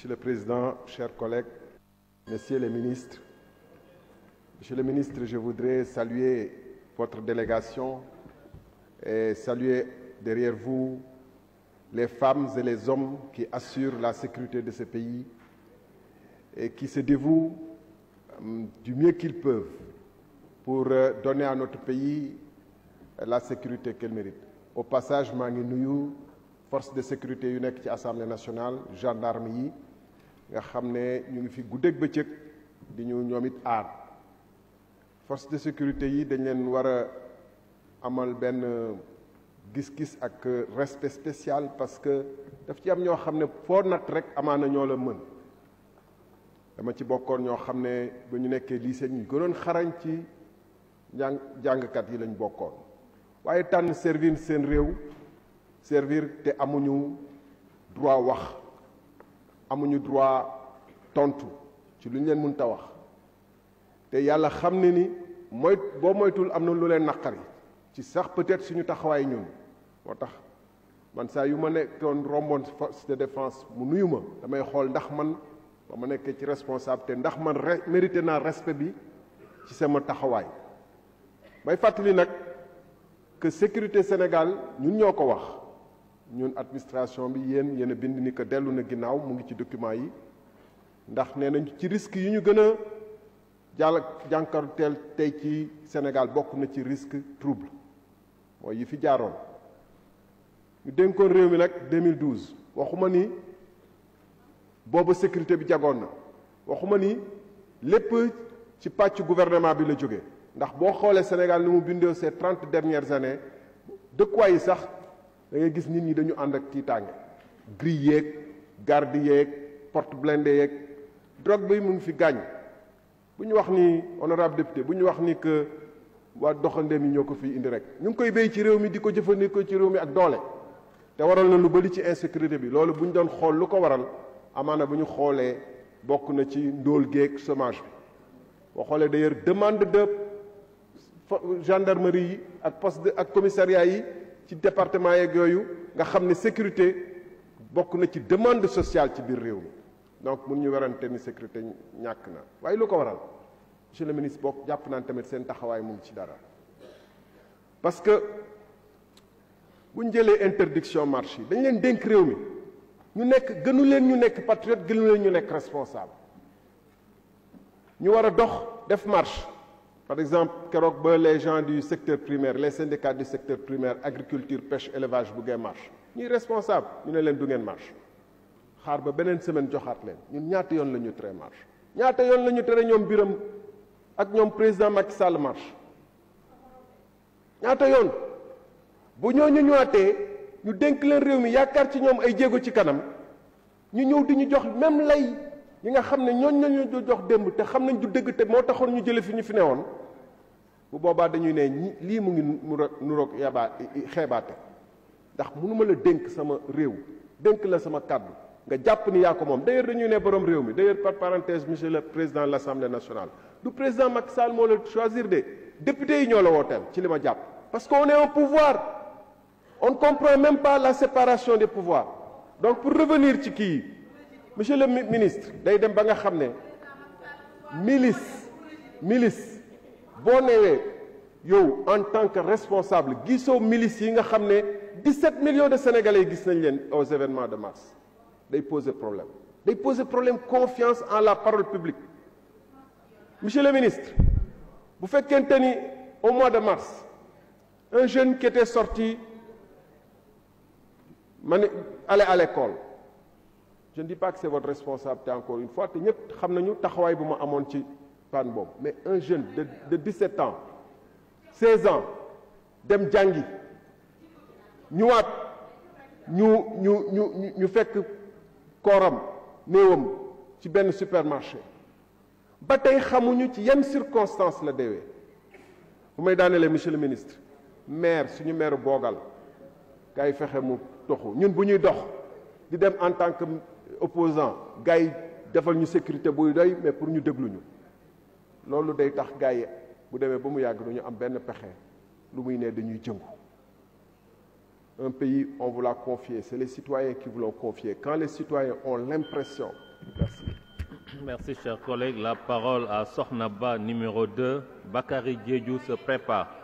Monsieur le Président, chers collègues, Messieurs les ministres, Monsieur le ministre, je voudrais saluer votre délégation et saluer derrière vous les femmes et les hommes qui assurent la sécurité de ce pays et qui se dévouent du mieux qu'ils peuvent pour euh, donner à notre pays euh, la sécurité qu'elle mérite. Au passage maa ngi nuyu force de sécurité yu nekk ci Assemblée nationale gendarme yi nga xam ne ñu ngi fi guddeeg bëccëg di ñu ñoom it aar force de sécurité yi dañ leen war a amal benn gis-gis ak respect spécial parce que daf ci am ñoo xam ne foo nat rek amaana ñoo la mën dama ci bokkoon ñoo xam ne ba ñu nekkee seen ñu gënoon xarañ ci jàng jàngkat yi lañ bokkoon waaye tànn servir seen réew servir te amuñu droit wax amuñu droit tontu ci lu ñu leen mënta wax te yàlla xam ne ni mooy boo moytul am na lu leen naqari ci sax peut-être suñu taxawaay ñun moo tax man saa yu ma nekkoon romboon force de défense mu nuyu ma damay xool ndax man ba ma nekkee ci responsabilité ndax man re mérité naa respect bi ci sama taxawaay may fàttali nag que sécurité Sénégal ñun ñoo ko wax. ñun administration bi yéen yéen a bind ni que dellu na ginnaaw mu ngi ci document yi ndax nee nañ ci risque yi ñu gën a jàll jànkarteel tey ci Sénégal bokk na ci risque trouble mooy yi fi jaaroon ñu dénkoon réew mi nag 2012 waxuma ni booba sécurité bi jagoon na waxuma ni lépp ci pàcc gouvernement bi la jóge ndax boo xoolee Sénégal ni mu bindoo ces trente dernières années dëkkuwaay sax da ngay gis nit ñi dañu ànd ak tiitaange grille yeeg garde yéeg porte blindée yeeg drogue bi mu ngi fi gaañ bu ñu wax ni honorable député bu ñu wax ni que waa doxandeem yi ñoo ko fii indi rek ñu ngi koy béy ci réew mi di ko jëfandikoo ci réew mi ak doole te waral na lu bëri ci insécurité bi loolu bu ñu doon xool lu ko waral amaana bu ñu xoolee bokk na ci ndóol géeg chômage bi boo xoolee d'ailleurs demande de gendarmerie yi ak poste ak commissariat yi ci département yeeg yooyu nga xam ne sécurité bokk na ci demande sociale ci biir réew mi donc mun ñu werante ni sécurité ñàkk na waaye lu ko waral monsieur le ministre bokk jàpp naan tamit seen taxawaay mu ci dara parce que bu ñu jëlee interdiction marche yi dañ leen dénk réew mi ñu nekk gënu leen ñu nekk patriote gënu ñu nekk responsable ñu war a dox def marche Par exemple, keroog ba les gens du secteur primaire les syndicats du secteur primaire agriculture pêche élevage bu ngeen ñuy responsable ñu ne leen du ngeen marche xaar ba beneen semaine joxaat leen ñun ñaata yoon la ñu tere marche ñaata yoon la ñu tere ñoom biram ak ñoom président Macky salle marche ñaata yoon bu ñooñu ñëwaatee ñu dénk leen réew mi yaakaar ci ñoom ay jéego ci kanam ñu ñëw di ñu jox même lay. ñi nga xam ne ñooñu ñooñ ñu jox démb te xam nañ du dégg te moo taxoon ñu jële fi ñu fi newoon bu boobaa dañuy ne ñi lii mu ngi nuroog yabaa xeebaate ndax mënuma la dénk sama réew dénk la sama kàddu nga jàpp ni yaa ko moom d'ailleurs dañuy ne borom réew mi d'ailleurs par parenthèse monsieur le président de l'Assemblée nationale du président Macky Sall moo la choisir de député yi ñoo la wooteel ci li ma jàpp parce qu'on est en pouvoir on ne comprend même pas la séparation des pouvoirs donc pour revenir ci kii monsieur le ministre day dem ba nga xam ne milis milice boo newee yow en tant que responsable gisoo milice yi nga xam ne 17 millions de sénégalais gis nañ leen aux événements de mars day poser problème day poser problème confiance en la parole publique monsieur le ministre bu fekkente ni au mois de mars un jeune qui était sorti ma ne à l'école je ne dis pas que c'est votre responsabilité encore une fois te ñëpp xam nañu taxawaay bu ma amoon ci panne boobu mais un jeune de de 17 an 16 ans dem jàngi ñëwaat ñu ñu ñu ñu fekk kooram néewam ci benn supermarché ba tey xamuñu ci yan circonstances la deewee bu may daanelee monsieur le ministre maire suñu maire boogal kay fexe mu toxu ñun bu ñuy dox di dem en tant que opposant gars yi defal ñu sécurité buy doy mais pour ñu déglu ñu loolu day tax gars yi bu demee ba mu yàgg duñu am benn pexe lu muy ne dañuy jëngu un pays on vous l'a confié c'est les citoyens qui vous l'ont confié quand les citoyens ont l'impression merci merci chers collègues la parole à soxna Ba numéro 2 Bakary Diédhiou se prépare